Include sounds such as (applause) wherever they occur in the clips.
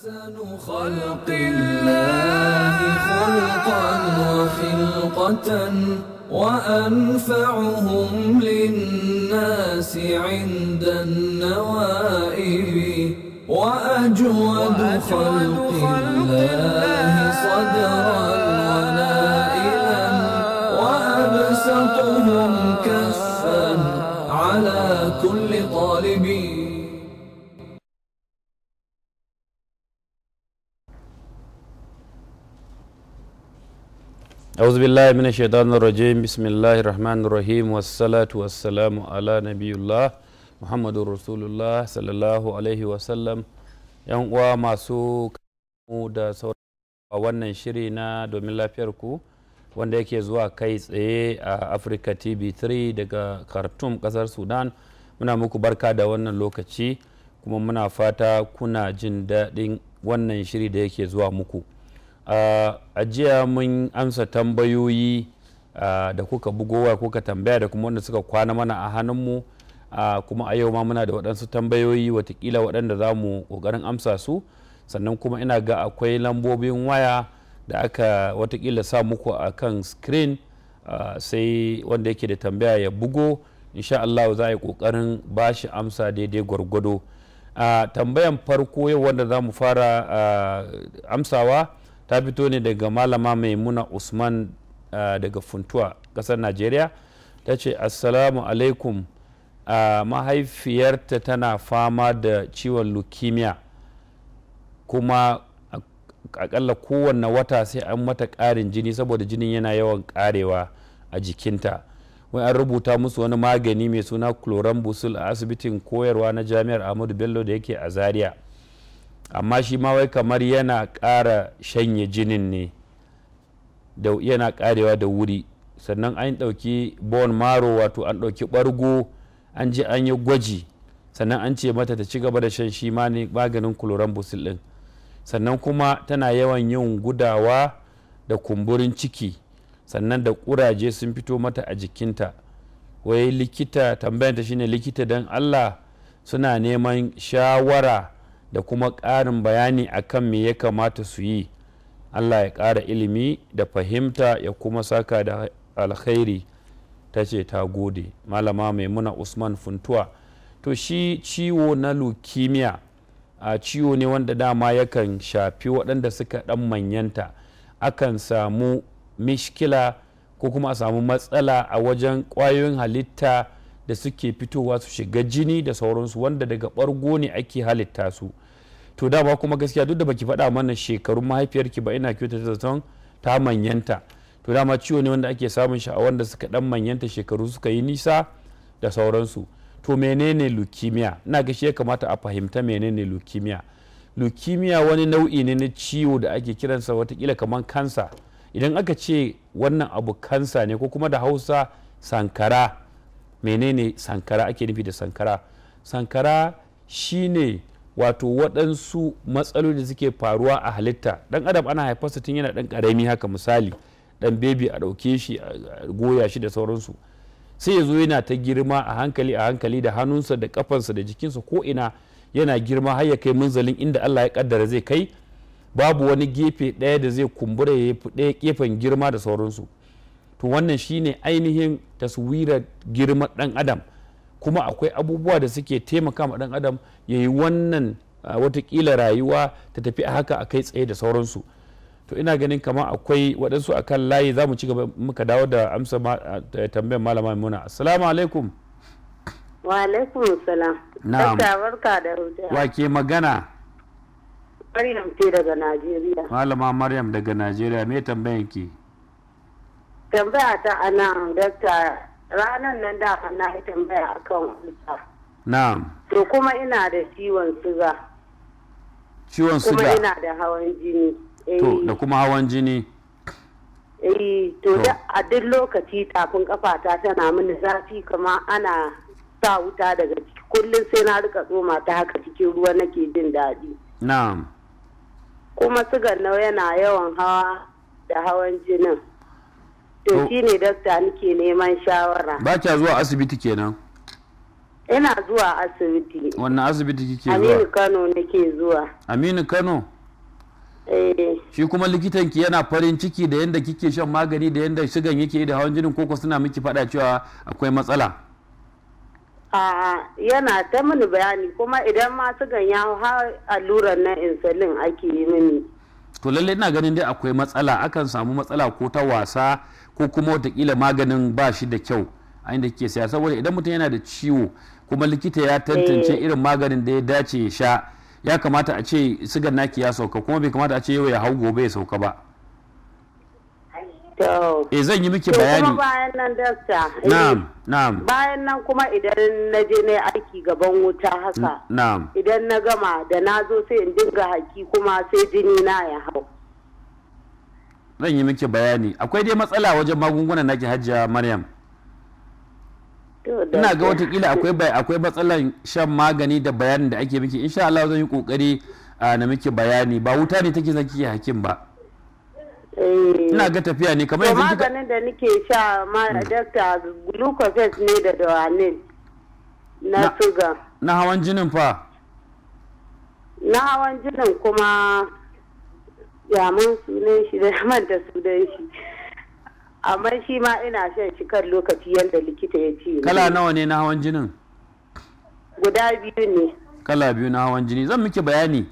أحسن خلق الله خلقا وخلقة وأنفعهم للناس عند النوائب وأجود خلق الله صدرا أعوذ بالله من الشيطان الرجيم بسم الله الرحمن الرحيم والصلاة والسلام على نبي الله محمد رسول الله yan uwa masu kamu da sauran wannan shiri na domin lafiyar ku wanda yake zuwa kai tsaye a Africa TV 3 daga Khartum kasar Sudan muna muku barka da wannan lokaci kuma muna fata kuna jin daɗin wannan shiri da yake zuwa muku. a jiya mun amsa tambayoyi da kuka bugowa kuka tambaya da kuma wanda suka kwana mana a hannunmu kuma a yau ma muna da waɗansu tambayoyi watakila waɗanda za mu ƙoƙarin amsa su sannan kuma ina ga akwai lambobin waya da aka watakila sa muku a kan screen sai wanda yake da tambaya ya bugo insha Allah za a yi ƙoƙarin ba shi amsa daidai gwargwado tambayan farko yau wanda za mu fara amsawa ta fito ne daga malama maimuna usman daga funtuwa kasar najeriya ta ce assalamu alaikum mahaifiyarta tana fama da ciwon leukemia kuma akalla kowanne wata sai an mata ƙarin jini saboda jinin yana yawan ƙarewa a jikinta wai an rubuta musu wani magani mai suna chlorambusul a asibitin koyarwa na jami'ar ahmadu bello da yake a zaria amma shi ma wai kamar yana ƙara shanye jinin ne da yana ƙarewa da wuri sannan an ɗauki bone marrow wato an ɗauki ɓargo an je an yi gwaji sannan an ce mata ta ci gaba da shan shi ma ne maganin busil ɗin sannan kuma tana yawan yin gudawa da kumburin ciki sannan da ƙuraje sun fito mata a jikinta wai likita tambayanta shine likita don allah suna neman shawara da kuma ƙarin bayani akan me ya kamata su yi allah ya ƙara ilimi da fahimta ya kuma saka da alkhairi ta ce ta gode malama maimuna usman funtuwa to shi ciwo na leukemia a ciwo ne wanda dama yakan shafi waɗanda suka ɗan manyanta akan samu mishkila ko kuma a samu matsala a wajen ƙwayoyin halitta da suke fitowa su shiga jini da sauransu wanda daga ɓargo ne ake halitta su to dama kuma gaskiya duk da baki faɗa mana shekarun mahaifiyarki ba ina kyautata zaton ta manyanta to dama ciwo ne wanda ake samun shi a wanda suka dan manyanta shekaru suka yi nisa da sauransu to menene leukemia ina ga shi ya kamata a fahimta menene leukemia leukemia wani nau'i ne na ciwo da ake kiransa watakila kamar kansa idan aka ce wannan abu kansa ne ko kuma da hausa sankara menene sankara ake nufi da sankara sankara shine wato waɗansu matsaloli da suke faruwa a halitta ɗan adam ana haifarsa tun yana ɗan ƙarami haka misali ɗan bebi a ɗauke shi a goya shi da sauransu sai ya zo yana ta girma a hankali a hankali da hannunsa da kafansa da jikinsa ko ina yana girma har ya kai munzalin inda Allah ya kaddara zai kai babu wani gefe ɗaya da zai kumbura ya fi ɗaya gefen girma da sauransu to wannan shine ainihin taswirar girman ɗan adam kuma akwai abubuwa da suke taimaka ma dan adam ya yi wannan ah, watakila rayuwa ta tafi a haka a kai tsaye da sauransu to ina ganin kama akwai waɗansu a kan layi za mu ci gaba muka dawo da amsa ah, tambayar malama muna assalamu alaikum wa alaikum salam na'am barka da wa ke magana maryam ce daga najeriya malama maryam daga najeriya me tambayan ki tambaya ta ana dakta ranan nan da na yi tambaya akan ulcer na'am to kuma ina da ciwon suga ciwon suga kuma ina da hawan jini to eh. da kuma hawan jini eh to a duk lokaci tafin kafata tana mini zafi kama ana sa wuta daga ciki kullum sai na rika tsoma ta haka cikin ruwa nake jin daɗi na'am kuma sugar nau yana yawan hawa da hawan jinin To shi ne dakta nake neman shawara. Ba kya zuwa asibiti kenan? Ina zuwa asibiti. Wannan asibiti kike zuwa? Aminu Kano nake zuwa. Aminu Kano? Eh. Shi kuma likitanki yana farin ciki da yadda kike shan magani da yadda shigan yake da hawan jinin koko suna miki fada cewa akwai matsala. A'a yana ta mini bayani kuma idan ma su ya hau allurar na insulin ake yi mini. To lallai ina ganin dai akwai matsala akan samu matsala ko ta wasa ko kuma watakila maganin ba shi da kyau a inda kike saya saboda idan mutum yana da ciwo kuma likita ya tantance eh. irin maganin da ya dace ya sha ya kamata a ce sigar naki ya sauka kuma bai kamata a ce yau ya hau gobe ya sauka ba e zan yi miki bayani bayan nan eh, na'am na'am bayan nan kuma idan na je na aiki gaban wuta haka na'am idan na gama da na zo sai in dinga haki kuma sai jini na ya hau zan yi miki bayani akwai dai matsala wajen magungunan naki hajjiya maryam ina ga watakila akwai bai akwai matsalan shan magani da bayanin da ake miki insha Allah zan yi kokari na miki bayani ba wuta ne take zaki hakim ba eh. ina ga tafiya ne kamar yanzu maganin da nake sha ma hmm. dakta glucose ne da dawanin na sugar na hawan jinin fa na hawan jinin kuma ya mun sunan shi (laughs) da manta sunan shi amma shi ma ina shan shi kan lokaci yadda likita ya ce kala nawa ne na hawan jinin guda biyu ne kala biyu na hawan jini zan miki bayani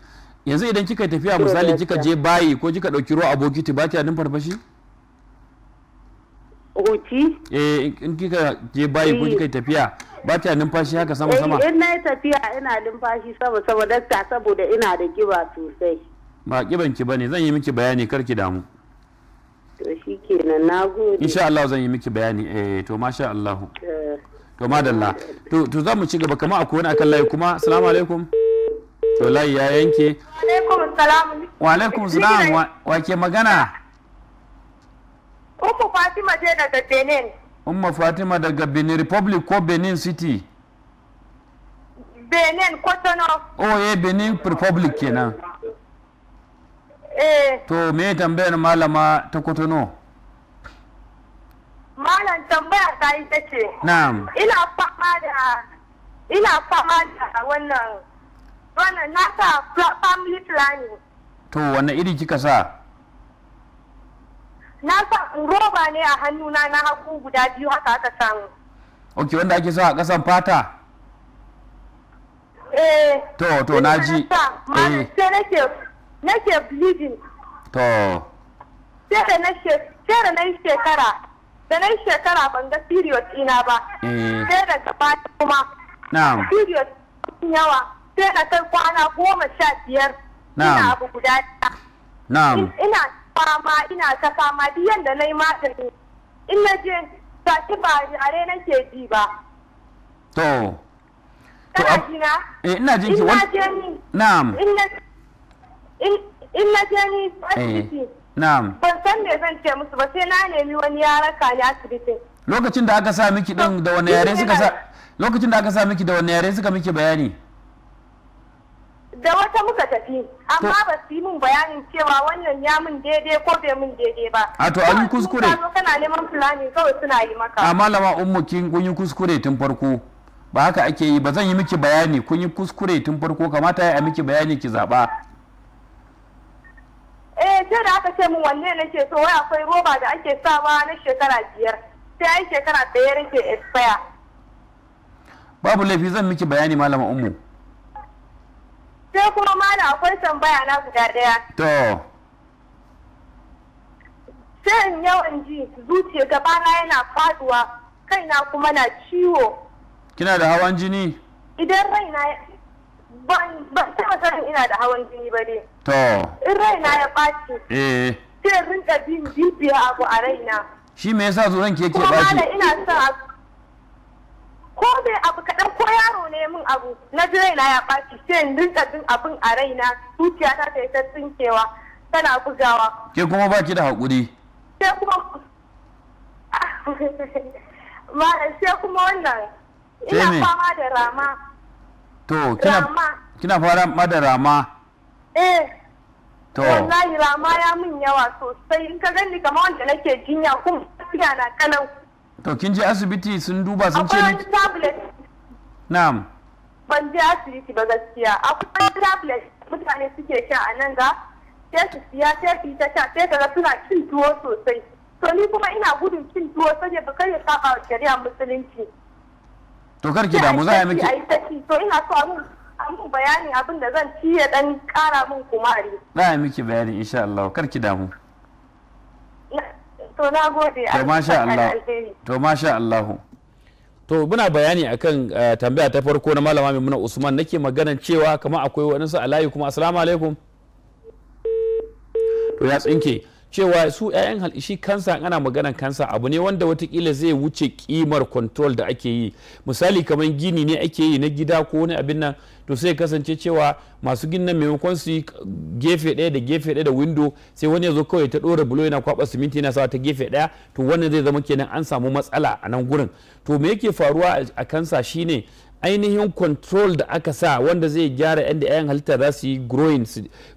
yanzu idan kika tafiya misali kika je bayi ko kika dauki ruwa a bokiti ba kya farfashi huci eh in kika je bayi ko kika tafiya ba ta numfashi haka sama sama eh, in na tafiya ina numfashi sama sama dakta saboda ina da kiba sosai ba ba bane zan yi miki bayani kar ki damu to shikenan nagode insha Allah zan yi miki bayani eh to masha Allah eh. to madalla to to za mu ci gaba kamar akwai wani akan layi kuma assalamu alaikum to layi ya yanke alaikum salam wa alaikum salam wa ke magana Umma Fatima je daga Benin. Umma Fatima daga Benin Republic ko Benin City? Benin Kotono. Oh, eh Benin Republic kenan. Eh. to me tambayar malama ta kotono malam tambaya ta yi ta ce na'am ina fama da ina fama da wannan wannan na sa family planning to wannan iri kika sa na sa roba ne a hannuna na haku guda biyu haka aka samu ok wanda ake sa a kasan fata eh to to na ji eh sai nake nake bleeding to sai da na sai da na shekara da na shekara ban ga period ina ba eh. sai da gaba kuma na'am period yawa sai na kai kwana goma sha biyar ina abu guda na'am ina fama ina ta fama duk yanda na yi magani in na je ta ci ba are nake ji ba to to eh, ina jin ki na'am in in na je ni asibiti eh, na'am ban san me zan ce musu ba sai na nemi wani ya raka ni asibiti lokacin da aka sa miki din da wani yare suka sa lokacin da aka sa miki da wani yare suka miki bayani da wata muka tafi amma ba su yi min bayanin cewa wannan ya min daidai ko bai min daidai ba a to an yi kuskure kana neman fulani kawai suna yi maka a ah, lama ummu kin kun yi kuskure tun farko ba haka ake yi ba zan yi miki bayani kun yi kuskure tun farko kamata ya miki bayani ki zaba eh sai da aka ce min wanne ne ke so wai akwai roba da ake sawa na shekara biyar sai ai shekara ɗaya rike expire babu laifi zan miki bayani malama ummu sai kuma mana akwai tambaya na guda ɗaya to sai in yawan ji zuciya gabana yana faduwa kaina kuma na ciwo kina da hawan jini idan raina ban taɓa sanin ina da hawan jini ba ne. To. In raina ya ɓaci. Eh. Sai rinka bin bibiya abu a raina. Shi me yasa zuran ke ke ɓaci? Kuma ina sa ko me abu kaɗan ko yaro ne min abu na ji raina ya ɓaci sai in rinka bin abin a raina zuciya ta ta yi ta tsinkewa tana bugawa. Ke kuma ba ki da haƙuri. Sai kuma (laughs) sai kuma wannan ina fama da rama to kina kina fara mada rama. eh to wallahi rama ya min yawa sosai in ka gani kamar wanda nake jinya kuma ina na kanan to kin je asibiti sun duba sun ce ni tablet na'am ban je asibiti ba gaskiya akwai tablet mutane suke sha a nan ga sai su siya sai su ta sha sai kaga suna cin tuwo sosai to ni kuma ina gudun cin tuwo saboda ba kai ya saba wa shari'a musulunci to kar ki damu za a miki ai taki to ina so bayani abin da zan ci ya dan kara kumari za a miki bayani insha Allah kar ki damu to na gode to masha Allah to masha Allah to muna bayani akan uh, tambaya ta farko na malama Maimuna Usman nake maganan cewa kamar akwai wani su alayi kuma assalamu alaikum to ya tsinke cewa su 'ya'yan halishi kansa ana maganan kansa abu ne wanda watakila zai wuce kimar control da ake yi misali kamar gini ne ake yi na gida ko wani abin nan to sai kasance cewa masu ginin maimakon su gefe ɗaya da gefe ɗaya da window sai wani ya zo kawai ta ɗora bulo yana kwaɓa siminti yana sawa ta gefe ɗaya to wannan zai zama kenan an samu matsala a nan gurin to me yake faruwa a kansa shine ainihin control da aka sa wanda zai gyara yadda 'ya'yan halitta za su yi growing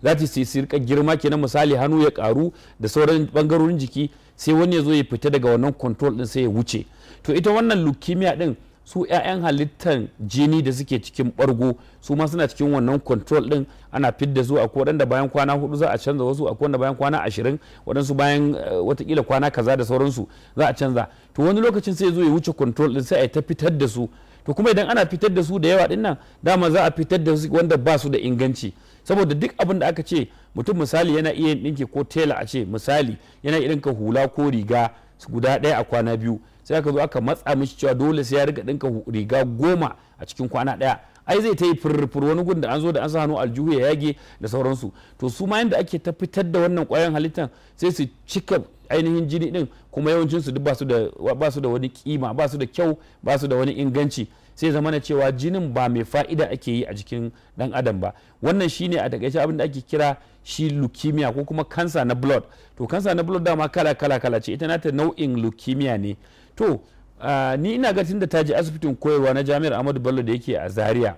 za su yi rika girma kenan misali hannu ya karu da sauran bangarorin jiki sai wani ya zo ya fita daga wannan control din sai ya wuce to ita wannan leukemia din su 'ya'yan halittar jini da suke cikin bargo su ma suna cikin wannan control din ana fidda su akwai waɗanda bayan kwana hudu za a canza wasu akwai waɗanda bayan kwana ashirin waɗansu bayan eh, watakila kwana kaza da sauransu za a canza to wani lokacin sai zo ya wuce control din sai a ta fitar da su to kuma idan ana fitar da su da yawa dinnan dama za a fitar da su wanda ba su da inganci saboda duk abin da aka ce mutum misali yana iya ɗinke ko tela a ce misali yana iya ɗinka hula ko riga guda daya a kwana biyu sai aka zo aka matsa mishi cewa dole sai ya rika dinka riga goma a cikin kwana daya ai zai ta yi furfur wani gun da an zo da an sa hannu aljihu ya yage da sauransu to su ma yanda ake ta fitar da wannan kwayan halittar sai su cika ainihin jini din kuma yawancin su duk ba su da ba wani kima ba su da kyau ba su da wani inganci sai zama na cewa jinin ba mai fa'ida ake yi a jikin dan adam ba wannan shine a takaice abin da ake kira shi leukemia ko kuma kansa na blood to kansa na blood dama kala kala kala ce ita nata nau'in leukemia ne to ni ina ga tunda ta je asibitin koyarwa na jami'ar Ahmadu Bello da yake a Zaria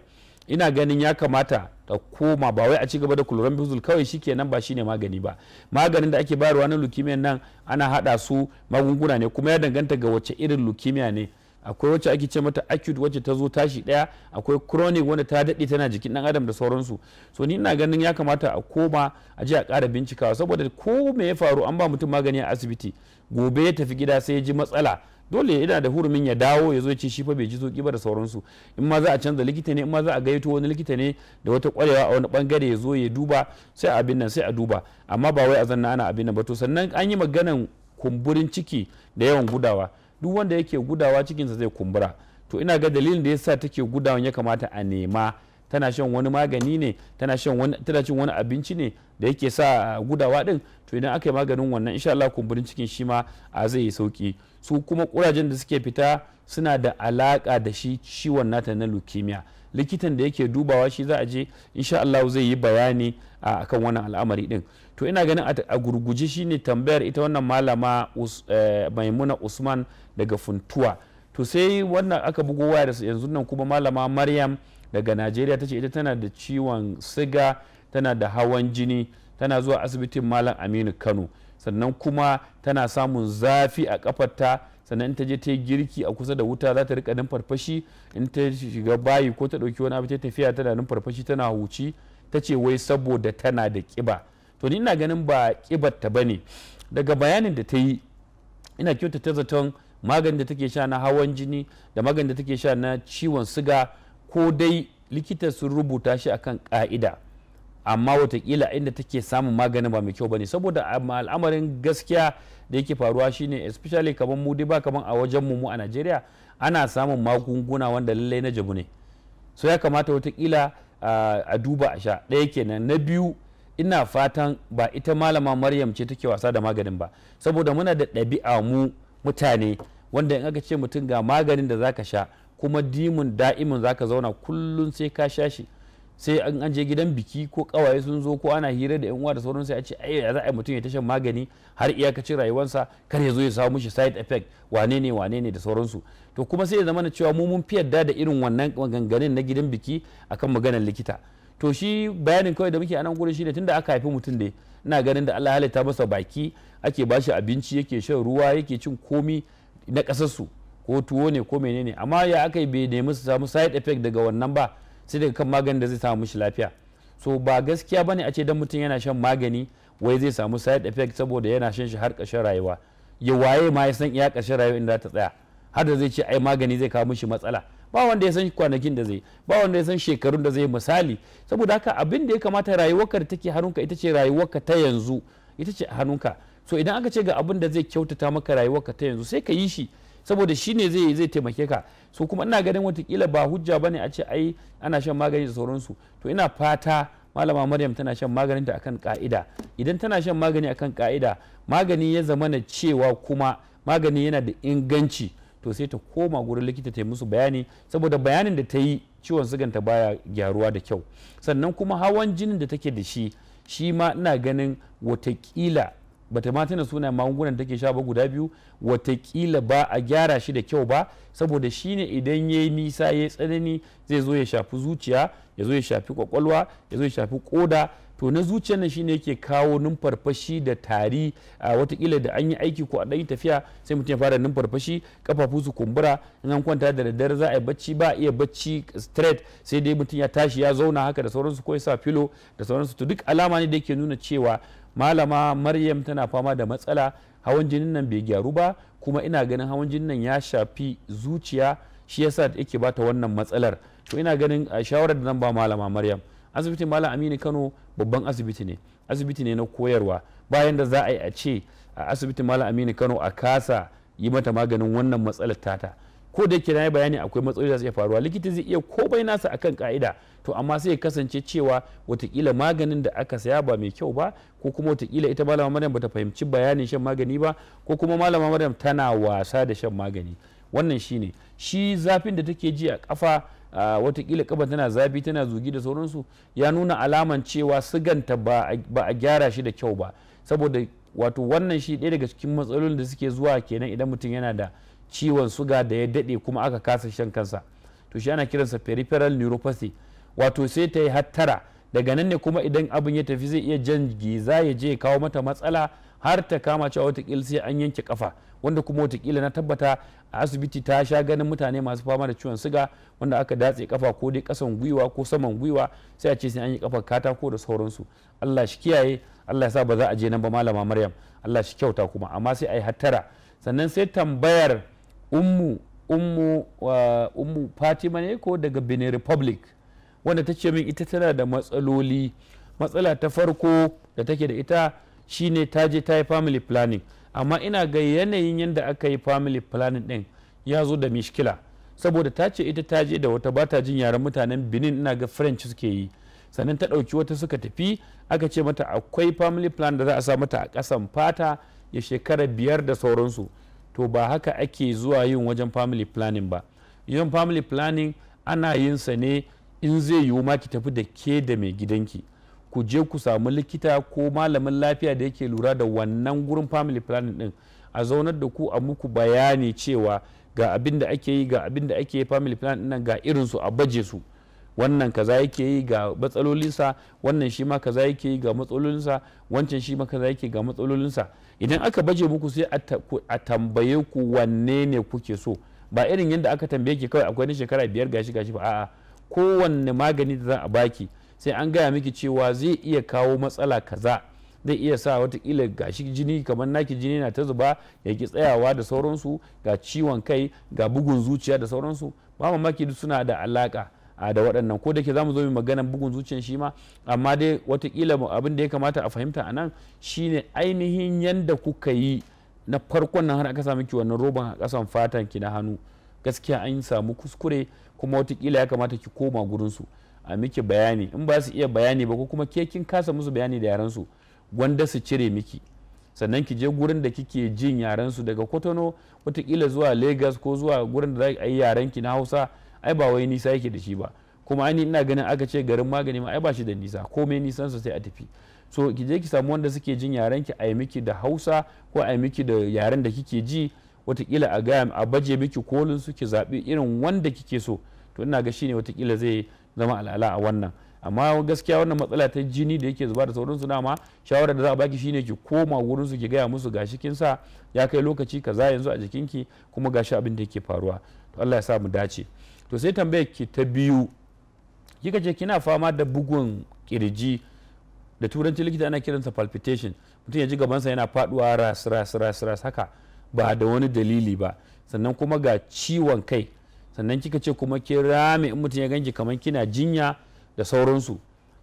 ina ganin ya kamata ta koma ba wai a ci gaba da chlorambucil kawai shi kenan ba shine magani ba maganin da ake bayarwa na leukemia nan ana hada su magunguna ne kuma ya danganta ga wace irin leukemia ne akwai wacce ake ce mata acute wacce ta zo tashi daya akwai chronic wanda ta daɗe tana jikin ɗan adam da sauransu so ni ina ganin ya kamata a koma a je a kara bincikawa saboda ko me ya faru an ba mutum magani a asibiti gobe ya tafi gida sai ya ji matsala dole yana da hurumin ya dawo ya zo ya ce shi fa bai ji sauki ba da sauransu in ma za a canza likita ne in ma za a gayyato wani likita ne da wata kwarewa a wani bangare ya zo ya duba sai a abin nan sai a duba amma ba wai a zanna ana abin nan ba to sannan an yi maganan kumburin ciki da yawan gudawa duk wanda yake gudawa cikinsa zai kumbura to ina ga dalilin da ya sa take gudawan ya kamata a nema tana shan wani magani ne tana shan wani cin wani abinci ne da yake sa gudawa din to idan aka yi maganin wannan insha Allah kumburin cikin shi ma a zai yi sauki su kuma kurajen da suke fita suna da alaka da shi ciwon nata na leukemia likitan da yake dubawa shi za a je insha Allah zai yi bayani akan wannan al'amari din to ina ganin a gurguje shi ne tambayar ita wannan malama eh, maimuna usman daga funtuwa to sai wannan aka bugo waya da yanzu nan kuma malama maryam daga najeriya ta ce ita tana da ciwon siga tana da hawan jini tana zuwa asibitin malam aminu kano sannan kuma tana samun zafi a kafarta sannan in ta je ta yi girki a kusa da wuta za ta rika nan in ta shiga bayi ko ta ɗauki wani abu ta tafiya tana nan tana huci ta ce wai saboda tana da ƙiba. to ni ina ganin ba kibar ta bane daga bayanin da ta yi ina kyautata zaton maganin da take sha na hawan jini da maganin da take sha na ciwon siga ko dai likita sun rubuta shi akan ka'ida amma watakila inda take samun maganin ba mai kyau bane saboda al'amarin gaskiya da yake faruwa shine especially kamar mu ba kamar a wajen mu a Najeriya ana samun magunguna wanda lallai na jabu ne so ya kamata watakila a duba a sha ɗaya kenan na biyu ina fatan ba ita malama maryam ce take wasa da maganin ba saboda muna da ɗabi'a mu mutane wanda in aka ce mutum ga maganin da zaka sha kuma dimun da'imin zaka zauna kullum sai ka sha shi sai an anje je gidan biki ko kawaye sun zo ko ana hira da yan uwa da sauran sai a ce ai za a mutum ya ta magani har iyakacin rayuwarsa kar ya zo ya samu shi side effect wane ne wane ne da sauransu to kuma sai ya zama cewa mu mun fi yarda da irin wannan maganganun na gidan biki akan maganar likita to shi bayanin kawai da muke anan gurin shine tunda aka haifi mutum da ina ganin da Allah halitta masa baki ake bashi abinci yake shan ruwa yake cin komi na kasarsu su ko tuwo ne ko menene amma ya aka yi bai nemi su samu side effect daga wannan ba sai daga kan maganin da zai samu mishi lafiya so ba gaskiya bane a ce dan mutum yana shan magani wai zai samu side effect saboda yana shan shi har ƙarshen rayuwa ya waye ma ya san iya ƙarshen rayuwa inda ta tsaya har da zai ce ai magani zai kawo mishi matsala ba wanda ya san kwanakin da zai ba wanda ya san shekarun da zai misali saboda haka abin da ya kamata rayuwarka da take hannunka ita ce rayuwarka ta yanzu ita ce hannunka so idan aka ce ga abin da zai kyautata maka rayuwarka ta yanzu sai ka yi shi saboda shi ne zai zai taimake ka so kuma ina ganin watakila ba hujja bane a ce ai ana shan magani da sauransu to ina fata malama maryam tana shan maganin ta akan ka'ida idan tana shan magani akan ka'ida magani ya zama na cewa kuma magani yana da inganci to sai ta koma gurin likita ta yi musu bayani saboda bayanin da ta yi ciwon ta baya gyaruwa da kyau sannan kuma hawan jinin da take da shi shi ma ina ganin watakila bata ma tana sunayen magungunan take sha ba guda biyu watakila ba a gyara shi da kyau ba saboda shine idan ya yi nisa ya tsanani zai zo ya shafi zuciya ya zo ya shafi kwakwalwa ya zo ya shafi koda to na zuciya nan shine yake kawo numfarfashi da tari a watakila da an yi aiki ko a ɗan tafiya sai mutum ya fara numfarfashi kafafu su kumbura in an kwanta da daddare za a yi bacci ba a iya bacci straight sai dai mutum ya tashi ya zauna haka da sauransu ko ya sa filo da sauransu to duk alama ne da yake nuna cewa malama maryam tana fama da matsala hawan jinin nan bai gyaru ba kuma ina ganin hawan jinin nan ya shafi zuciya shi yasa yake bata wannan matsalar to ina ganin a shawarar da zan ba malama maryam asibitin malam aminu kano babban asibiti ne asibiti ne na koyarwa bayan da za a yi a ce a asibitin malam aminu kano a kasa yi mata maganin wannan matsalar tata ko da yake na yi bayani akwai matsaloli da zai faruwa likita zai iya ko bai nasa akan ka'ida to amma sai ya kasance cewa watakila maganin da aka saya ba mai kyau ba ko kuma watakila ita malama maryam bata fahimci bayanin shan magani ba ko kuma malama maryam tana wasa da shan magani wannan shine shi zafin da take ji a kafa watakila kafa tana zafi tana zugi da sauransu ya nuna alaman cewa siganta ba a gyara shi da kyau ba saboda wato wannan shi ɗaya daga cikin matsalolin da suke zuwa kenan idan mutum yana da ciwon suga da ya daɗe kuma aka kasa shan kansa to shi ana kiransa peripheral neuropathy wato sai ta yi hattara daga nan ne kuma idan abin ya tafi zai iya jan giza ya je kawo mata matsala har ta kama cewa watakila sai an yanke kafa wanda kuma watakila na tabbata a asibiti ta sha ganin mutane masu fama da ciwon suga wanda aka datse kafa ko dai kasan gwiwa ko saman gwiwa sai a ce sai an yi kafa katako da sauransu allah shi kiyaye allah ya sa ba za a je nan ba malama maryam allah shi kyauta kuma amma sai a yi hattara sannan sai tambayar ummu ummu wa uh, ummu fatima ne ko daga benin republic wanda ta ce min ita tana da matsaloli matsala ta farko da take da ita shine ta je ta yi family planning amma ina ga yanayin yadda aka yi family planning din ya zo da mishkila saboda ta ce ita ta je da wata bata jin yaren mutanen benin ina ga french suke yi sannan ta ɗauki wata suka tafi aka ce mata akwai family plan da za a sa mata a ƙasan fata ya shekara biyar da sauransu to ba haka ake zuwa yin wajen family planning ba yin family planning ana yin sa ne in zai yiwu ma ki tafi da ke da mai gidanki ku je ku samu likita ko malamin lafiya da yake lura da wannan gurin family planning din a zaunar da ku a muku bayani cewa ga abin da ake yi ga abin da ake family planning nan ga irin su a baje su wannan kaza yake yi ga matsalolinsa wannan shi ma kaza yake yi ga matsalolinsa wancan shi ma kaza yake ga matsalolinsa idan aka baje muku sai a tambaye ku wanne ne kuke so ba irin yadda aka tambaye ki kawai akwai na shekara biyar gashi gashi ba a'a kowanne magani da za a baki sai an gaya miki cewa zai iya kawo matsala kaza zai iya sa watakila gashi jini kamar naki jini na ta zuba ya ki tsayawa da sauransu ga ciwon kai ga bugun zuciya da sauransu ba mamaki suna da alaka a da waɗannan ko da ke zamu zo mu magana bugun zuciyan shi ma amma dai watakila abin da ya kamata a fahimta a nan shine ainihin yanda kuka yi na farkon nan har aka samu ki wannan roban kasan fatan ki na hannu gaskiya an samu kuskure kuma watakila ya kamata ki koma gurin su a miki bayani in ba su iya bayani ba ko kuma ke kin kasa musu bayani da yaran su gwanda su cire miki sannan ki je gurin da kike jin yaran su daga kotono watakila zuwa lagos ko zuwa gurin da za a yi yaran ki na hausa ai ba wai nisa yake da shi ba kuma ai ina ganin aka ce garin magani ma ai ba shi da nisa komai nisan sa sai a tafi so ki je ki samu wanda suke jin yaren ki ai miki da Hausa ko ai miki da yaren da kike ji watakila a gaya a baje miki kolin su ki zabi irin wanda kike so to ina ga shine watakila zai zama al'ala a wannan amma gaskiya wannan matsala ta jini da yake zuba da sauran su dama shawarar da za a baki shine ki koma wurin su ki gaya musu ga kin sa ya kai lokaci kaza yanzu a jikinki kuma gashi abin da yake faruwa to Allah ya sa mu dace to sai tambayar ki ta biyu kika ce kina fama da bugun kirji da turanci likita ana kiransa palpitation mutum ya ji gabansa yana faduwa ras ras ras ras haka ba da wani dalili ba sannan kuma ga ciwon kai sannan kika ce kuma ki rame in mutum ya ganki kamar kina jinya da sauransu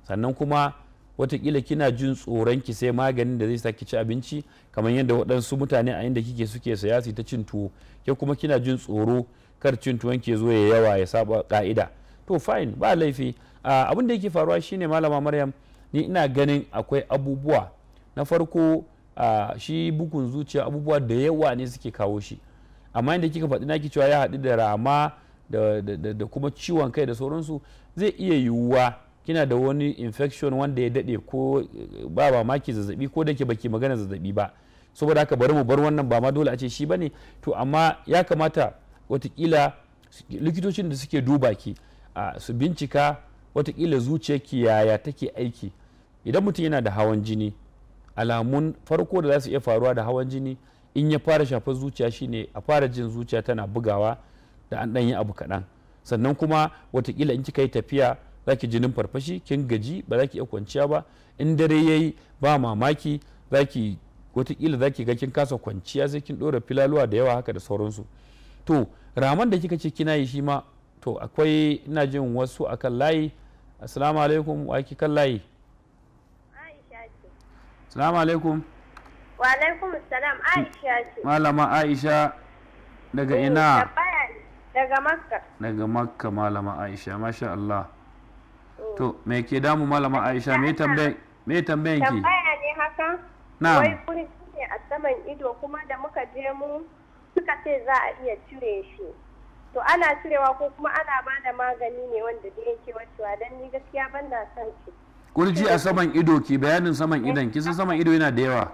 sannan kuma watakila kina jin tsoron ki sai maganin da zai sa ki ci abinci kamar yadda waɗansu mutane a inda kike suke saya ta cin tuwo ke kuma kina jin tsoro kar cin tuwon ke zo ya yawa ya saba ka'ida to fine ba laifi ah, abin da yake faruwa shine malama maryam ni ina ganin akwai abubuwa na farko ah, shi bukun zuciya abubuwa da yawa ne suke kawo shi amma inda kika faɗi naki cewa ya haɗu da rama da kuma ciwon kai da sauransu zai iya yiwuwa kina da wani infection wanda ya daɗe ko ba mamaki zazzabi ko da ke baki magana zazzabi ba saboda haka bari mu bar wannan ba ma dole a ce shi bane to amma ya kamata watakila likitocin da suke duba ki su bincika watakila zuciyarki yaya take aiki idan mutum yana da hawan jini alamun farko da za su iya faruwa da hawan jini in ya fara shafar zuciya shine a fara jin zuciya tana bugawa da an ɗan abu kaɗan sannan kuma watakila in kika yi tafiya za ki jinin farfashi kin gaji ba za ki iya kwanciya ba in dare ya yi ba mamaki za ki watakila za ki ga kin kasa kwanciya sai kin ɗora filaluwa da yawa haka da sauransu to raman da kika ce kina yi shi ma to akwai ina jin wasu akan layi assalamu alaikum wa ki kan layi assalamu alaikum wa alaikum assalam aisha ce malama aisha daga eh, ina daga makka daga makka malama aisha masha Allah oh. to me ke damu malama aisha me tambayan me tambayan ki tambaya ne haka na wai kuri ne a saman ido kuma da muka je mu suka ce za a iya cire shi to ana cirewa ko kuma ana ba da magani ne wanda da yake wacewa don ni gaskiya ban da son shi kurji a saman ido ki bayanin saman idon kisan saman ido yana da yawa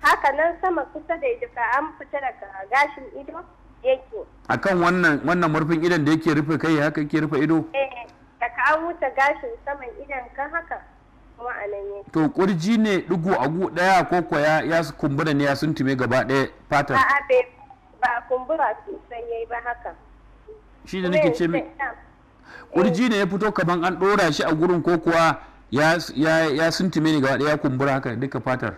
haka nan sama kusa da ido ka an fita daga gashin ido yake akan wannan wannan murfin idon da yake rufe kai haka ke rufe ido eh daga an wuce gashin saman idon kan haka kuma a nan yake to kurji ne digo a gu daya ko ya kumbura ne ya suntume gaba daya fatar a'a ba kumbura sosai yayi ba haka shi da nake ce kurji ne ya fito kaman an dora shi a gurin ko kuwa ya ya suntume ne gaba ya kumbura haka duka fatar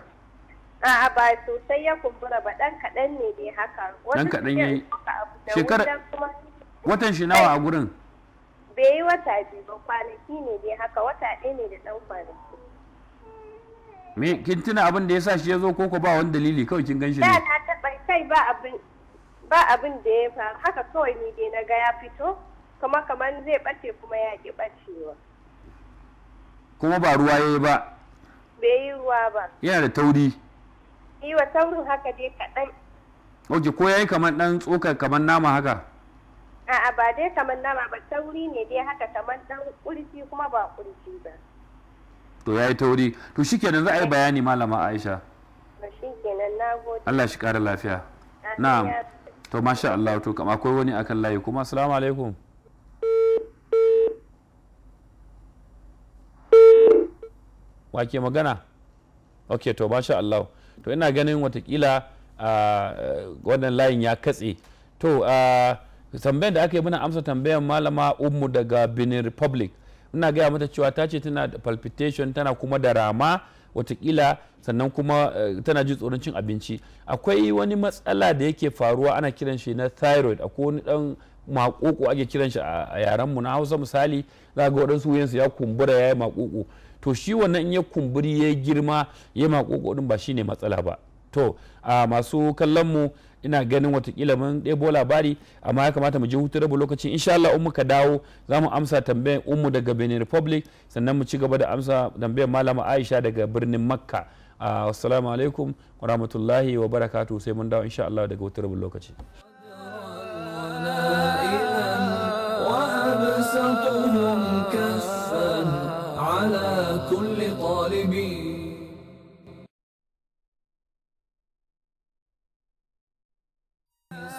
a'a ba sosai ya kumbura ba dan kadan ne dai haka dan kadan yayi shekara watan shi nawa a gurin bai yi wata biyu ba kwanaki ne dai haka wata ɗaya ne da ɗan kwanaki. Me kin tuna abin da ya sa shi ya zo koko ba wani dalili kawai kin gan shi ne? Da na taɓa kai ba abin ba abin da ya faru haka kawai ni dai na ga ya fito kuma kamar zai ɓace kuma ya ƙi ɓacewa kuma ba ruwa ya yi ba bai yi ruwa ba yana da tauri yi wa taurin haka dai kaɗan ok ko ya yi kamar ɗan tsokar kamar nama haka a'a ba dai kamar nama ba tauri ne dai haka kamar ɗan ƙurfi kuma ba ƙurfi ba to ya yi tauri to shi kenan za a yi eh. bayani malama aisha Allah shi ƙara lafiya na'am to masha Allah to kama akwai wani akan layi kuma assalamu alaikum wake magana ok to masha Allah to ina ganin watakila ah, wannan layin ya katse to ah, tambayar da aka yi muna amsa tambayar malama ummu daga benin republic ina gaya mata cewa ta ce tana da palpitation tana kuma da rama watakila sannan kuma eh, tana ji tsoron cin abinci akwai wani matsala da yake faruwa ana kiran shi na thyroid akwai wani dan makoko ake kiran shi a yaren mu na hausa misali za ga waɗansu wuyansu ya kumbura ya yi makoko to shi wannan in ya kumburi ya girma ya makoko din ba shine matsala ba to a masu kallon mu ina ganin watakila mun ɗebo labari amma ya kamata mu je hutu rabu lokaci insha Allah in muka dawo za mu amsa tambayar umu daga Benin Republic sannan mu ci gaba da amsa tambayar malama Aisha daga birnin Makka ah, assalamu alaikum wa rahmatullahi wa barakatuh sai mun dawo insha Allah daga hutu rabu lokaci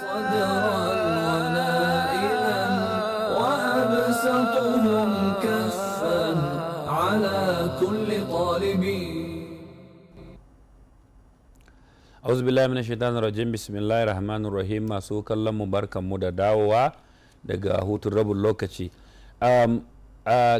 waddamada wana idan wata basan tuhun karsan alakun kallon mu barkan mu da dawowa daga hutun rabon lokaci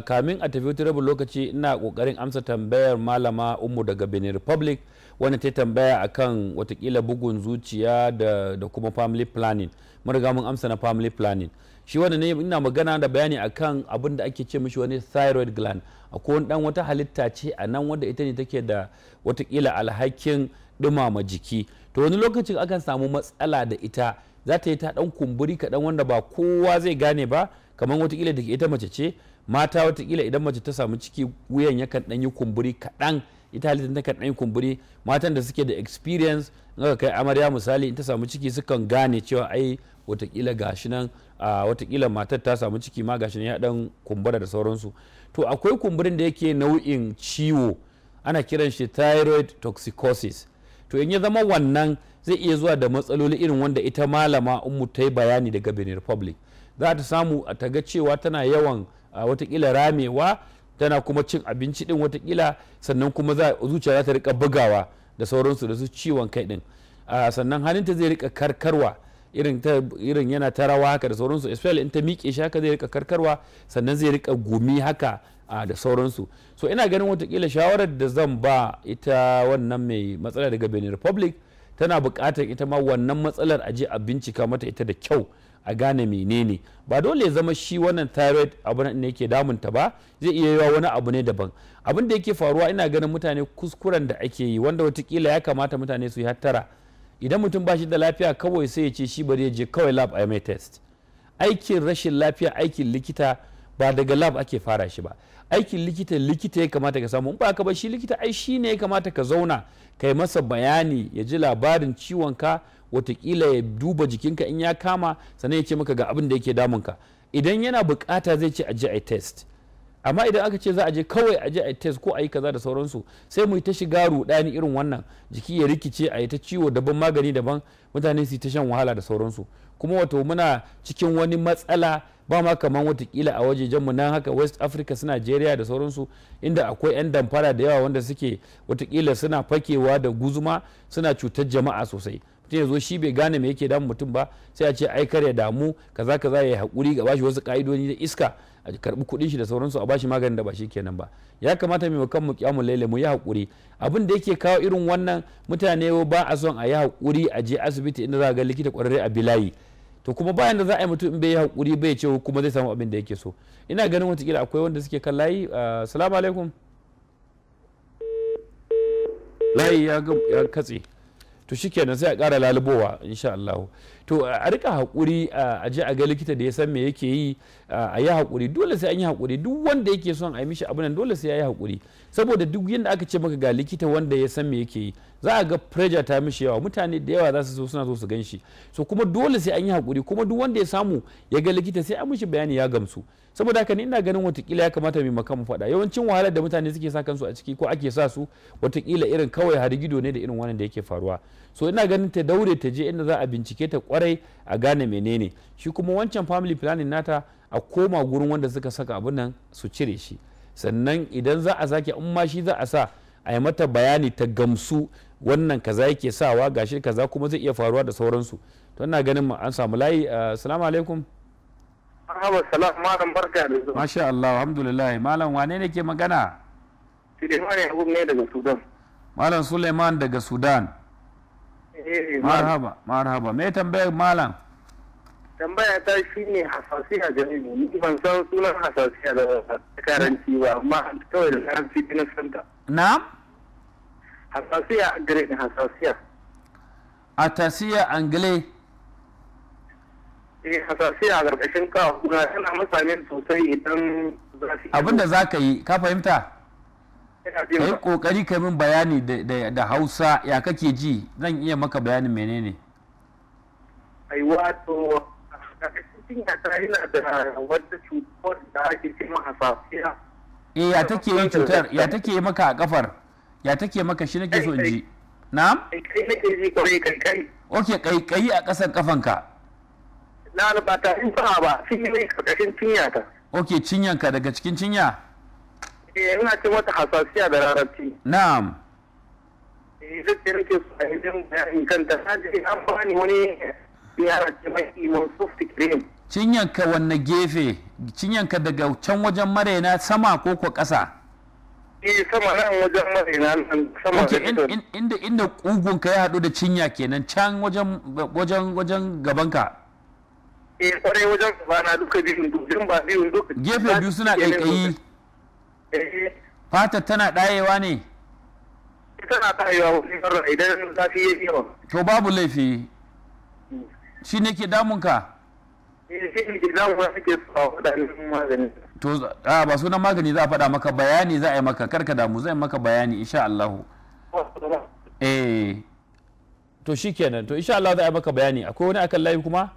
kamin a tafi hutun rabon lokaci ina kokarin amsa tambayar malama umu daga bene republic wanda ta tambaya a kan watakila bugun zuciya da, kuma family planning mun mun amsa na family planning shi wanda ne ina magana da bayani akan abin da ake ce mishi wani thyroid gland akwai wani dan wata halitta ce a nan wanda ita ne take da watakila alhakin dumama jiki to wani lokacin akan samu matsala da ita za ta yi ta dan kumburi kaɗan wanda ba kowa zai gane ba kamar watakila da ita mace ce mata watakila idan mace ta samu ciki wuyan yakan dan yi kumburi kaɗan ita halittar ta kan kumburi matan da suke da experience in aka kai amarya misali in ta samu ciki sukan gane cewa ai watakila gashi nan watakila matar ta samu ciki ma gashi ya dan kumbura da sauransu to akwai kumburin da yake nau'in ciwo ana kiran shi thyroid toxicosis to in ya zama wannan zai iya zuwa da matsaloli irin wanda ita malama in mu ta yi bayani daga benin republic za ta samu ta ga cewa tana yawan watakila ramewa tana kuma cin abinci din watakila sannan kuma za zuciya za ta rika bugawa da sauransu da su ciwon kai din sannan ta zai rika karkarwa irin yana ta rawa haka da sauransu especially in ta miƙe shi haka zai rika karkarwa sannan zai rika gumi haka da sauransu so ina ganin watakila shawarar da zan ba ita wannan mai matsala daga benin republic tana buƙatar ita ma wannan matsalar a je a bincika mata ita da kyau a gane menene ba dole ya zama shi wannan thyroid abu ne yake damun ta ba zai iya yiwa wani abu ne daban abin da yake faruwa ina ganin mutane kuskuren da ake yi wanda watakila ya kamata mutane su yi hattara idan mutum ba shi da lafiya kawai sai ya ce shi bari ya je kawai lab a mai test aikin rashin lafiya aikin likita ba daga lab ake fara shi ba aikin likita likita ya kamata ka samu ba ka ba shi likita ai shi ne ya kamata ka zauna ka kai masa bayani ya ji labarin ciwon ka watakila ya duba jikinka in ya kama sannan ya ce maka ga abin da yake damunka idan yana bukata zai ce a ji a test amma idan aka ce za a je kawai a je a test ko a yi kaza da sauransu sai mu yi ta shiga rudani irin wannan jiki ya rikice a yi ta ciwo daban magani daban mutane su yi ta shan wahala da sauransu kuma wato muna cikin wani matsala ba ma kaman watakila a mu nan haka west africa su nigeria da sauransu inda akwai 'yan damfara da yawa wanda suke watakila suna fakewa da guzuma suna cutar jama'a sosai mutum ya zo shi bai gane mai yake damun mutum ba sai a ce ai kar ya damu kaza kaza ya hakuri ga bashi wasu ka'idoji da iska a karbi kuɗin shi da sauransu a bashi maganin da ba shi kenan ba ya kamata mai kan mu kyamun laila mu yi hakuri abin da yake kawo irin wannan mutane ba a son a yi hakuri a je asibiti inda za a ga likita kwararre a bilayi to kuma bayan da za a yi mutum in bai yi hakuri bai ce kuma zai samu abin da yake so ina ganin watakila akwai wanda suke kan layi assalamu ah, alaikum layi ya katse to shikenan sai a ƙara lalubowa insha Allah to a rika hakuri a ji a ga likita da ya san me yake yi a yi hakuri dole sai an yi hakuri duk wanda yake son a yi mishi abin nan dole sai ya yi hakuri saboda duk yadda aka ce maka ga likita wanda ya san me yake yi za a ga pressure ta mishi yawa mutane da yawa za su so suna so su gan shi so kuma dole sai an yi hakuri kuma duk wanda ya samu ya ga likita sai an mishi bayani ya gamsu saboda haka ni ina ganin watakila ya kamata mai makamu faɗa yawancin wahalar da mutane suke sa kansu a ciki ko ake sa su watakila irin kawai gido ne da irin wannan da yake faruwa so ina ganin ta daure ta je inda za a bincike ta kwarai a gane menene shi kuma wancan family planning nata a koma gurin wanda suka saka abin nan su cire shi sannan idan za a sake in ma shi za a sa a yi mata bayani ta gamsu wannan kaza yake sawa gashi kaza kuma zai iya faruwa da sauransu to ina ganin an samu layi ah, assalamu alaikum Marhaba Salam malam barka da zuwa. Masha Allah alhamdulillah malam wane ne ke magana? Suleiman ne daga Sudan. Malam Suleiman daga Sudan. marhaba marhaba me tambayar malam tambaya ta shi ne hasasiya ga ni ban san sunan hasasiya da karanci ba amma kawai da karanci na santa na hasasiya gare ni hasasiya atasiya angle eh hasasiya a ƙarƙashin kawo kuna tana mutane sosai idan abinda za ka yi ka fahimta kai kokari ka min bayani da hausa ya kake ji zan iya maka bayanin menene ai wato cikin ta yana da wata cutar da ake ce hasafiya eh ya take yi cutar ya take maka a kafar ya take maka shi nake so in ji na'am kai nake ji kai kai kai kai kai a kasar kafanka na ba ta yi ba shi ne karkashin cinya ta oke cinyanka daga cikin cinya eh ina eh, ce mata hasasiya da a bayanin kanta je an bani wani ce mai daga wajen maraina sama ko ko ƙasa eh inda inda ka ya haɗu da cinya kenan can wajen wajen wajen gabanka eh kwarai wajen gabana duka biyun duk ba duka gefe biyu suna ƙaiƙayi Eh. fatar tana ɗayewa ne tana ɗayewa wani karra idan zafi ya yawa to babu laifi shi ne ke damunka eh, to a ba sunan magani za a faɗa maka bayani za a yi maka karka damu zai maka bayani insha Allah eh to shikenan to insha Allah za a yi maka bayani akwai wani akan layi kuma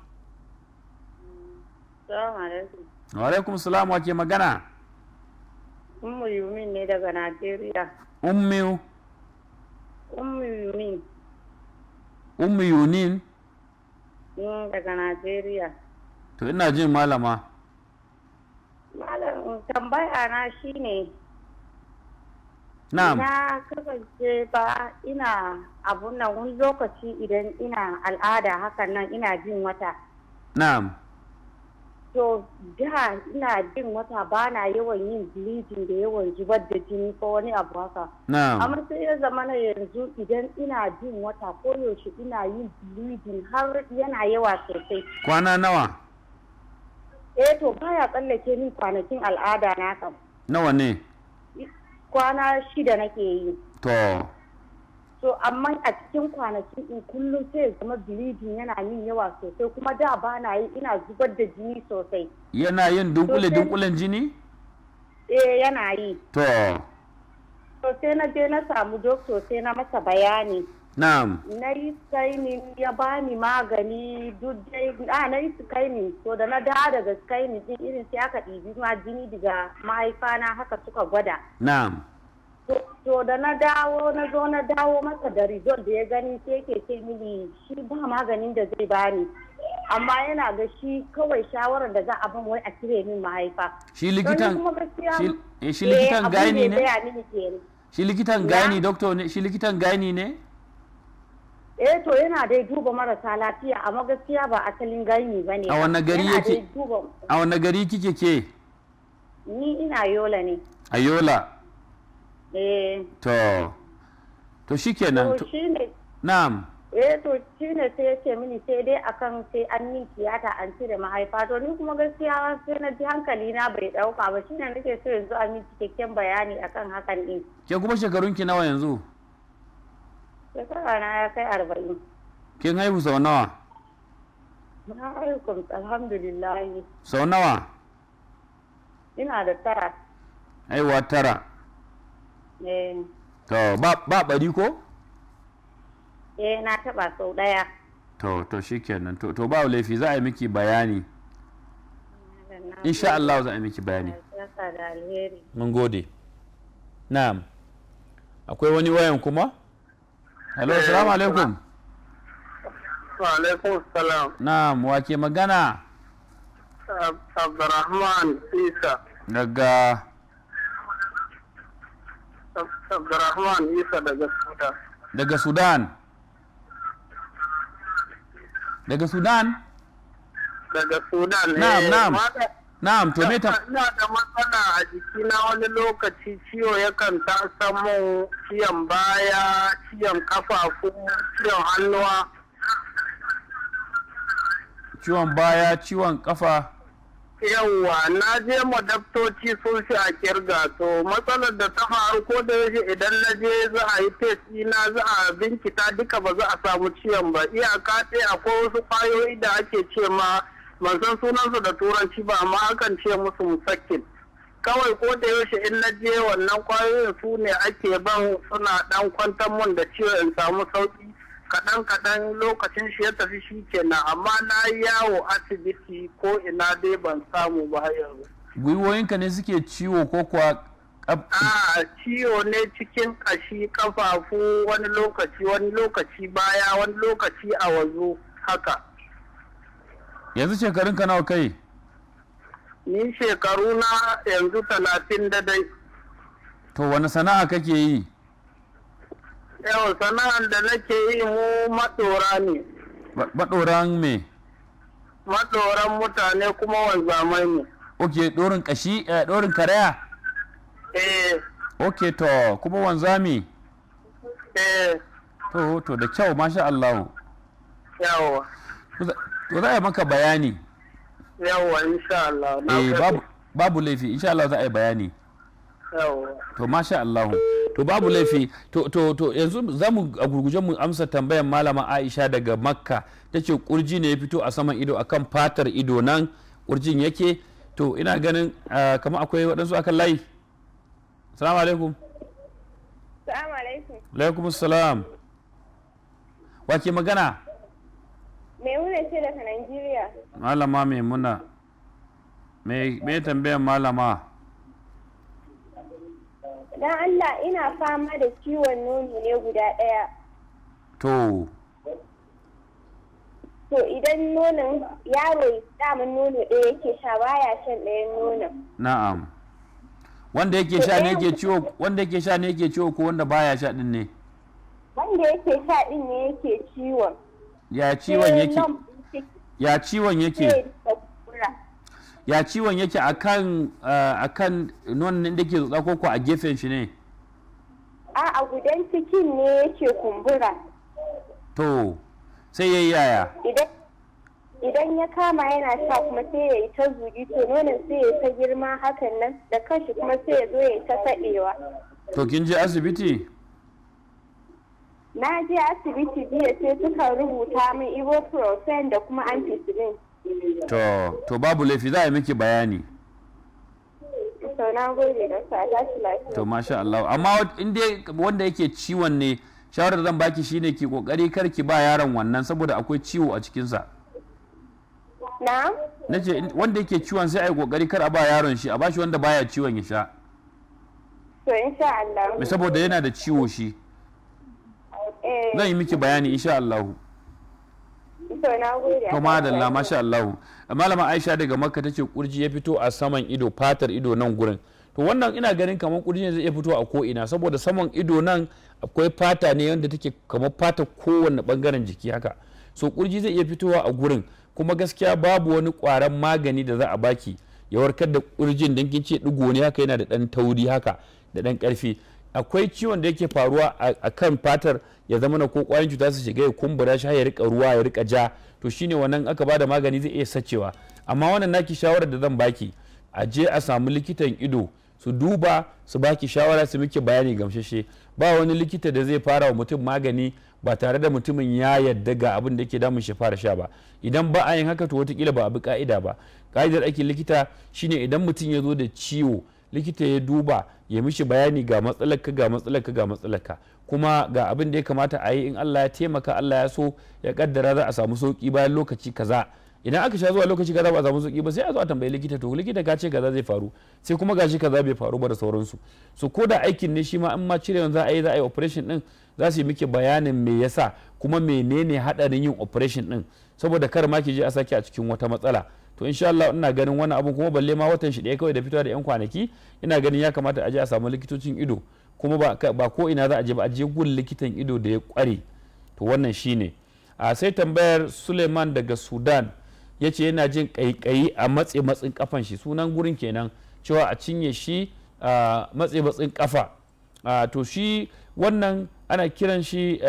Assalamu alaikum. Wa alaikum salam wa ke magana? Ummu ne daga Najeriya. Ummu? Ummu Yumin. Ummu Yunin? daga Najeriya. To ina jin malama. Malam tambaya na shi ne. Na kasance ba ina abun nan wani lokaci idan ina al'ada hakan nan ina jin wata. Na'am. to da ina jin wata bana yawan yin bleeding da yawan zubar da jini ko wani abu haka amma sai ya zama na yanzu idan ina jin wata ko yaushe ina yin bleeding har yana yawa sosai kwana nawa eh to baya tsallake min kwanakin al'ada na kam nawa ne kwana shida nake yi to so amma a cikin kwanaki in kullum sai zama bilidin yana yin yawa sosai kuma da ba na yi ina zubar da jini sosai yana yin dunkule dunkulen jini eh yana yi to sosai na je na samu doctor sosai na masa bayani Na'am. Na yi skainin ya bani magani duk dai a na yi skainin so da na da daga skainin din irin sai aka ɗibi ma jini daga mahaifana, haka suka gwada. Na'am. to da na dawo na zo na dawo masa da result da ya gani sai ke ce mini shi ba maganin da zai bani amma yana ga shi kawai shawara da za a ban wai a cire min mahaifa shi likitan eh, eh, shi likitan gani ne shi likitan gani doctor ne shi likitan gani ne eh to yana dai duba marasa lafiya amma gaskiya ba asalin gani bane a wani gari yake a wani gari kike ke ni ina yola ne a yola Eh. to to shikenan to shine na'am eh to shine sai ya ce mini sai dai akan sai an yi tiyata an cire mahaifa to ni kuma gaskiya sai na ji hankali na bai dauka ba shine nake so yanzu an yi cikakken bayani akan hakan din ke kuma shekarun ki nawa yanzu shekara na ya kai arba'in kin haihu sau nawa na haihu alhamdulillah sau nawa ina da tara Aiwa tara Eh. to ba bari ko eh na taba sau daya to to shikenan to to ba laifi za a yi miki bayani insha Allah za a yi miki bayani mun gode na'am akwai wani wayan kuma hello eh, assalamu alaikum wa alaikum salam na'am wake magana abdurrahman isa daga Abdurrahman Isa daga Sudan. Daga Sudan. Daga Sudan? Daga Sudan. Eh, na'am, na'am. Na'am, to me ta Ina da matsala a jiki na wani lokaci ciwo yakan ta samu ciyan baya, ciyan kafafu, ciyan hannuwa. Ciwon baya, ciwon kafa. yawwa na je madaftoci sun shi a kirga to matsalar da ta faru ko da idan na je za a yi test ina za a binkita duka ba za a samu ciwon ba iyaka ɗaya akwai wasu kwayoyi da ake ce ma ban san sunansu da turanci ba amma akan ce musu musakkin kawai ko da yaushe in na je wannan kwayoyin su ne ake ban suna ɗan kwantar mun da ciwon in samu sauki kaɗan kaɗan lokacin shi ya tafi shi kenan amma na yawo asibiti ko ina dai ban samu ba yanzu gwiwoyinka ne suke ciwo ko kuwa a ciwo ne cikin ƙashi ƙafafu wani lokaci wani lokaci baya wani lokaci a wazo haka yanzu shekarun ka nawa kai ni shekaru na yanzu talatin da dai to wani sana'a kake yi Yau sana'ar da nake yi mu matsora ne. Maɗoran me? Maɗoran mutane kuma wanzamai ne. Ok, ɗorin ƙashi, ɗorin eh, karaya? Eh. Ok, to, kuma wanzami? Eh. To, to, da kyau, masha Allah. Yawa. To, za a yi maka bayani. Yawa, insha Allah. Eh, babu laifi, insha Allah za a yi bayani. Yawa. To, masha Allah. to babu laifi to to to yanzu za mu a gurguje mu amsa tambayan malama aisha daga makka ta ce kurji ne ya fito a saman ido akan fatar ido nan kurjin yake to ina ganin kamar akwai waɗansu akan layi salamu alaikum salamu alaikum alaikum salam wake magana maimuna ce daga nigeria malama maimuna me tambayan malama don Allah ina fama da ciwon nono ne guda ɗaya. To. To idan nonon yaro daman nono ɗaya yake sha baya shan ɗayan nonon. Na'am. Wanda yake sha ne yake ciwo wanda yake sha ne yake ciwo ko wanda baya sha din ne? Wanda yake sha din ne yake ciwon. Ya ciwon yake. Ya ciwon yake. ya ciwon yake akan eh, akan nonon da ke tsotsa koko a gefen shi ne a a gudan cikin ne yake kumbura to sai ya yi yaya idan ya kama yana sha kuma sai ya yi ta zugi to nonon sai ya ta girma hakan nan da kanshi kuma sai ya zo ya ta taɗewa to kin je asibiti na je asibiti biya sai suka rubuta min ibuprofen da kuma ampicillin to to babu laifi za a yi miki bayani to na da to masha Allah amma in dai wanda yake ciwon ne shawarar zan baki shine ki kokari kar ki ba yaron wannan saboda akwai ciwo a cikin sa na nace wanda yake ciwon sai ai kokari kar a ba yaron shi a bashi wanda baya ciwon ya sha to insha Allah saboda yana da ciwo shi eh. zan yi miki bayani insha Allah kuma da masha Allah malama Aisha daga Makka ce kurji ya fito a saman ido fatar ido nan gurin to wannan ina ganin kamar kurji zai iya fito a ko ina saboda saman ido nan akwai fata ne wanda take kamar fata kowanne bangaren jiki haka so kurji zai iya fitowa a gurin kuma gaskiya babu wani kwaran magani da za a baki ya warkar da kurjin dan kin ce digo ne haka yana da ɗan tauri haka da ɗan karfi akwai ciwon da yake faruwa a kan fatar ya zama na ko kwayan cuta su shiga ya kumbura shi ya rika ruwa ya rika ja to shine wannan aka bada magani zai iya sacewa amma wannan naki shawarar da zan baki a je a samu likitan ido su duba su baki shawara su muke bayani gamsheshe ba wani likita da zai fara wa mutum magani ba tare da mutumin ya yadda ga abin da yake damun shi fara sha ba idan ba a yin haka to watakila ba a bi ka'ida ba ka'idar aikin likita shine idan mutum ya zo da ciwo likita ya duba ya mishi bayani ga matsalaka ga matsalaka ga matsalaka kuma ga abin da ya kamata a yi in Allah ya taimaka Allah ya so ya kaddara za a samu sauki bayan lokaci kaza idan aka sha zuwa lokaci kaza ba a samu sauki ba sai a zo a tambayi likita to likita ka ce kaza zai faru sai kuma gashi kaza bai faru ba da sauransu so ko da aikin ne shi ma in ma cirewan za a yi za a yi operation din za su yi miki bayanin me yasa kuma menene hadarin yin operation din saboda kar ma ki je a sake a cikin wata matsala to insha Allah ina ganin wani abu kuma balle ma watan shi ɗaya kawai da fitowa da yan kwanaki ina ganin ya kamata a je a samu likitocin ido kuma ba ko ina za a je ba a je gun likitan ido da ya kware to wannan shine a sai tambayar Suleiman daga Sudan ya ce yana jin kaikayi a matse matsin kafan shi sunan gurin kenan cewa a cinye shi a matse matsin kafa to shi wannan ana kiran shi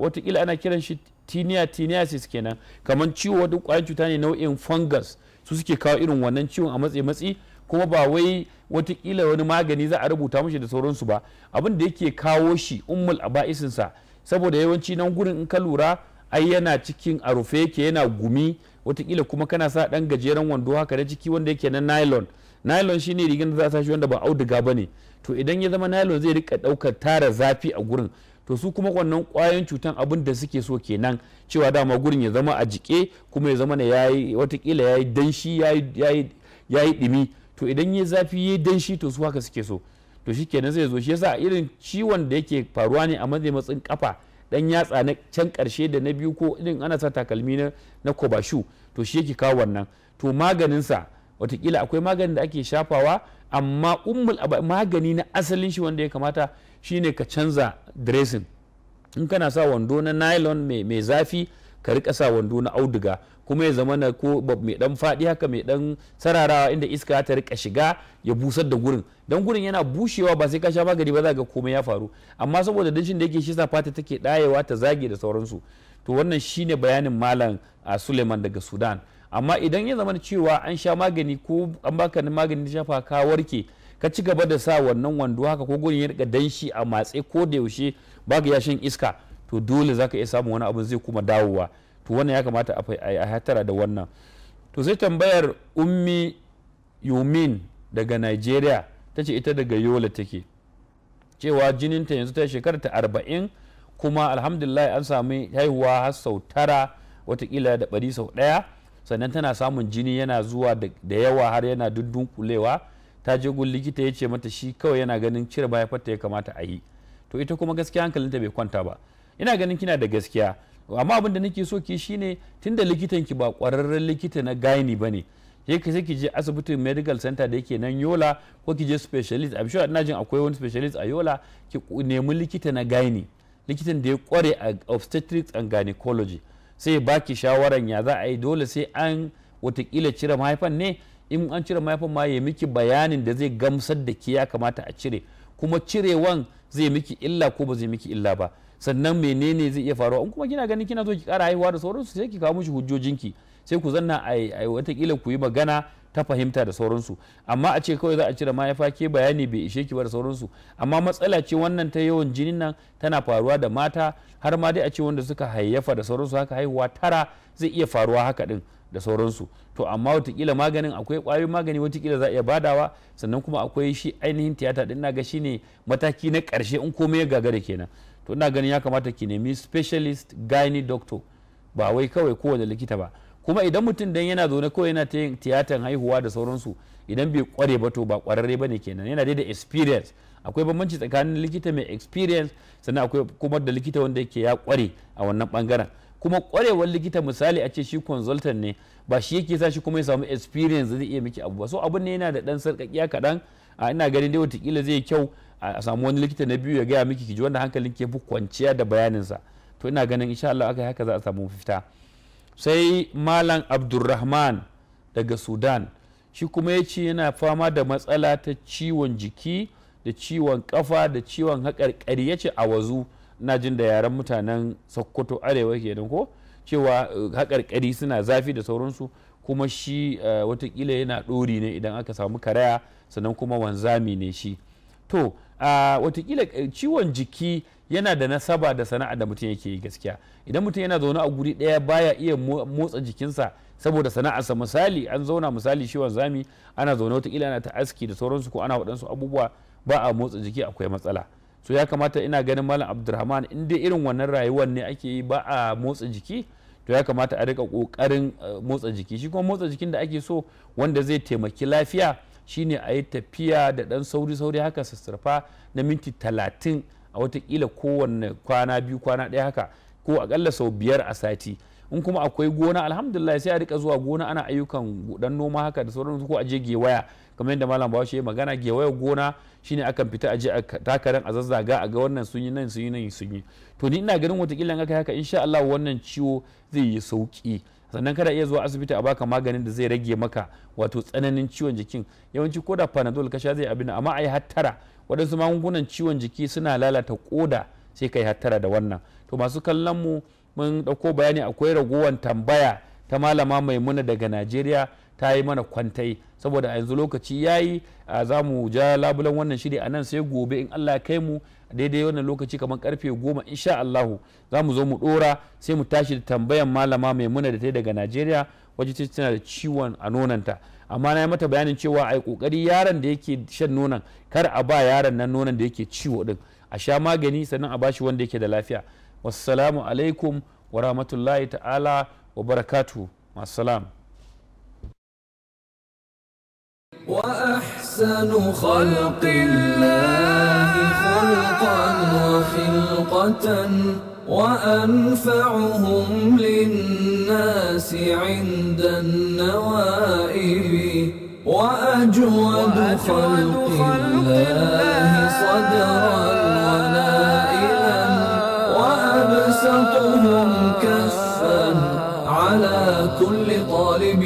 watakila ana kiran shi tiniya tiniasis kenan kamar ciwo wadda kwayan cuta ne nau'in fungus su suke kawo irin wannan ciwon a matse matsi kuma ba wai watakila wani magani za a rubuta mashi da sauransu ba abin da yake kawo shi ummul a ba'isinsa saboda yawanci nan gurin in ka lura ai yana cikin a rufe yake yana gumi watakila kuma kana sa dan gajeren wando haka na ciki wanda yake na nylon nylon shine rigan da za a sa shi wanda ba auduga ba ne to idan ya zama nylon zai rika daukar tara zafi a gurin to su kuma wannan kwayoyin cutan abin da suke so kenan cewa dama gurin ya zama a jike kuma ya zama ya yi watakila ya yi danshi ya yi dimi to idan ya zafi ya danshi to su haka suke so to shi kenan zai zo shi yasa irin ciwon da yake faruwa ne a matsayin matsin kafa dan yatsa na can karshe da na biyu ko irin ana sa takalmi na na kobashu to shi yake kawo wannan to maganinsa watakila akwai maganin da ake shafawa amma ummul magani na asalin shi wanda ya kamata shine ka canza dressing in kana sa wando na nylon mai zafi ka rika sa wando na auduga kuma ya zama na ko mai dan fadi haka mai dan sararawa inda iska ta rika shiga ya busar da gurin dan gurin yana bushewa ba sai ka sha magani ba za ga komai ya faru amma saboda danshin da yake shi sa fata take dayewa ta zage da sauransu to wannan shine bayanin malam Suleiman daga Sudan amma idan ya zama cewa an sha magani ko an baka magani da shafa ka warke ka ci gaba da sa wannan wando haka ko gurin ya rika danshi a matse ko da yaushe ba ga yashin iska to dole zaka iya samun wani abin zai kuma dawowa to wannan ya kamata a hatara da wannan to sai tambayar ummi yumin daga nigeria ta ce ita daga yola take cewa jininta yanzu ta shekara ta arba'in kuma alhamdulillah an sami haihuwa har sau tara watakila da bari sau ɗaya sannan tana samun jini yana zuwa da yawa har yana kulewa. ta je gun likita ya ce mata shi kawai yana ganin cire baya fatta ya kamata a yi to ita kuma gaskiya hankalinta bai kwanta ba ina ganin kina da gaskiya amma abin da nake so ki shine tunda likitan ki ba kwararren likita na gaini bane sai ki sai ki je asibitin medical center da yake nan Yola ko ki je specialist I'm sure ina jin akwai wani specialist a Yola ki nemi likita na gaini likitan da ya kware a obstetrics and gynecology sai baki shawaran ya za a yi dole sai an watakila cire mahaifan ne in an cire mahaifan ma ya miki bayanin da zai gamsar da ke ya kamata a cire kuma cirewan zai miki illa ko ba zai miki illa ba sannan menene zai iya faruwa in kuma kina ganin kina so ki kara haihuwa da sauransu sai ki kawo mishi hujjojinki sai ku zanna a watakila ku yi magana ta fahimta da sauransu amma a ce kawai za a cire mahaifa ke bayani bai ishe ki ba da sauransu amma matsala ce wannan ta yawan jinin nan tana faruwa da mata har ma dai a ce wanda suka hayyafa da sauransu haka haihuwa tara zai iya faruwa haka din da sauransu to amma watakila maganin akwai kwayoyin magani watakila za a iya badawa sannan kuma akwai shi ainihin tiyata din na ga ne mataki na karshe in komai ya gagara kenan to ina ganin ya kamata ki nemi specialist gyne doctor ba wai kawai kowane likita ba kuma idan mutum dan yana zaune kawai yana ta yin tiyatan haihuwa da sauransu idan bai kware ba to ba kwararre ba ne kenan yana dai da experience akwai bambanci tsakanin likita mai experience sannan akwai kuma da likita wanda yake ya kware a wannan bangaren kuma kwarewar likita misali a ce shi consultant ne ba shi yake sa shi kuma ya samu experience zai iya miki abu ba so abun ne yana da dan sarkakiya kadan a ina ganin dai watakila zai kyau a samu wani likita na biyu ya gaya miki kiji wanda hankalin ke fi kwanciya da sa to ina ganin insha Allah aka haka za a samu fita sai malam abdurrahman daga sudan shi kuma ya ce yana fama da matsala ta ciwon jiki da ciwon kafa da ciwon haƙarƙari ya ce a wazu na jin da yaren mutanen sokoto arewa ke ko cewa eh, haƙarƙari suna zafi da sauransu kuma shi eh, watakila yana ɗori ne idan aka samu karaya sannan kuma wanzami ne shi to watakila eh, ciwon jiki yana da nasaba da sana'a da mutum yake yi gaskiya idan mutum yana zaune a guri ɗaya baya iya motsa jikinsa saboda sana'arsa misali an zauna misali shi wanzami ana zaune watakila ana ta aski da sauransu ko ana waɗansu abubuwa ba a motsa jiki akwai matsala so ya kamata ina ganin malam abdulrahman in dai irin wannan rayuwar ne ake yi ba a motsa jiki to ya kamata a rika kokarin eh, motsa jiki shi kuma motsa jikin da ake so wanda zai taimaki lafiya shine a yi tafiya da dan sauri sauri haka sassarfa na minti talatin a watakila kowanne kwana biyu kwana ɗaya haka ko akalla sau biyar a sati in kuma akwai gona alhamdulillah sai a rika zuwa gona ana ayyukan dan noma haka da sauran ko a je waya kamar yadda malam bawashi ya magana gewayar gona shine akan fita aje a takarar a zazzaga a ga wannan sun yi nan sun yi nan sun yi to ni ina ganin wata in aka haka insha Allah wannan ciwo zai yi sauki sannan kada iya zuwa asibiti a baka maganin da zai rage maka wato tsananin ciwon jikin yawanci koda panadol ka sha zai abin amma ai hattara wadansu magungunan ciwon jiki suna lalata koda sai kai hattara da wannan to masu kallon mu mun ɗauko bayani akwai ragowar tambaya ta malama maimuna daga najeriya ta yi mana kwantai saboda a yanzu lokaci ya yi za mu ja labulan wannan shiri a nan sai gobe in allah kai mu daidai wannan lokaci kamar karfe goma insha allahu za mu zo mu dora sai mu tashi da tambayan malama mai muna da ta daga najeriya waje tana da ciwon a nonanta amma na yi mata bayanin cewa a yi kokari yaron da yake shan nonon kar a ba yaron nan nonon da yake ciwo din a sha magani sannan a bashi wanda yake da lafiya wassalamu alaikum wa rahmatullahi ta'ala wa barakatu masu وأحسن خلق الله خلقا وخلقة وأنفعهم للناس عند النوائب وأجود خلق الله صدرا ونائلا وأبسطهم كفا على كل طالب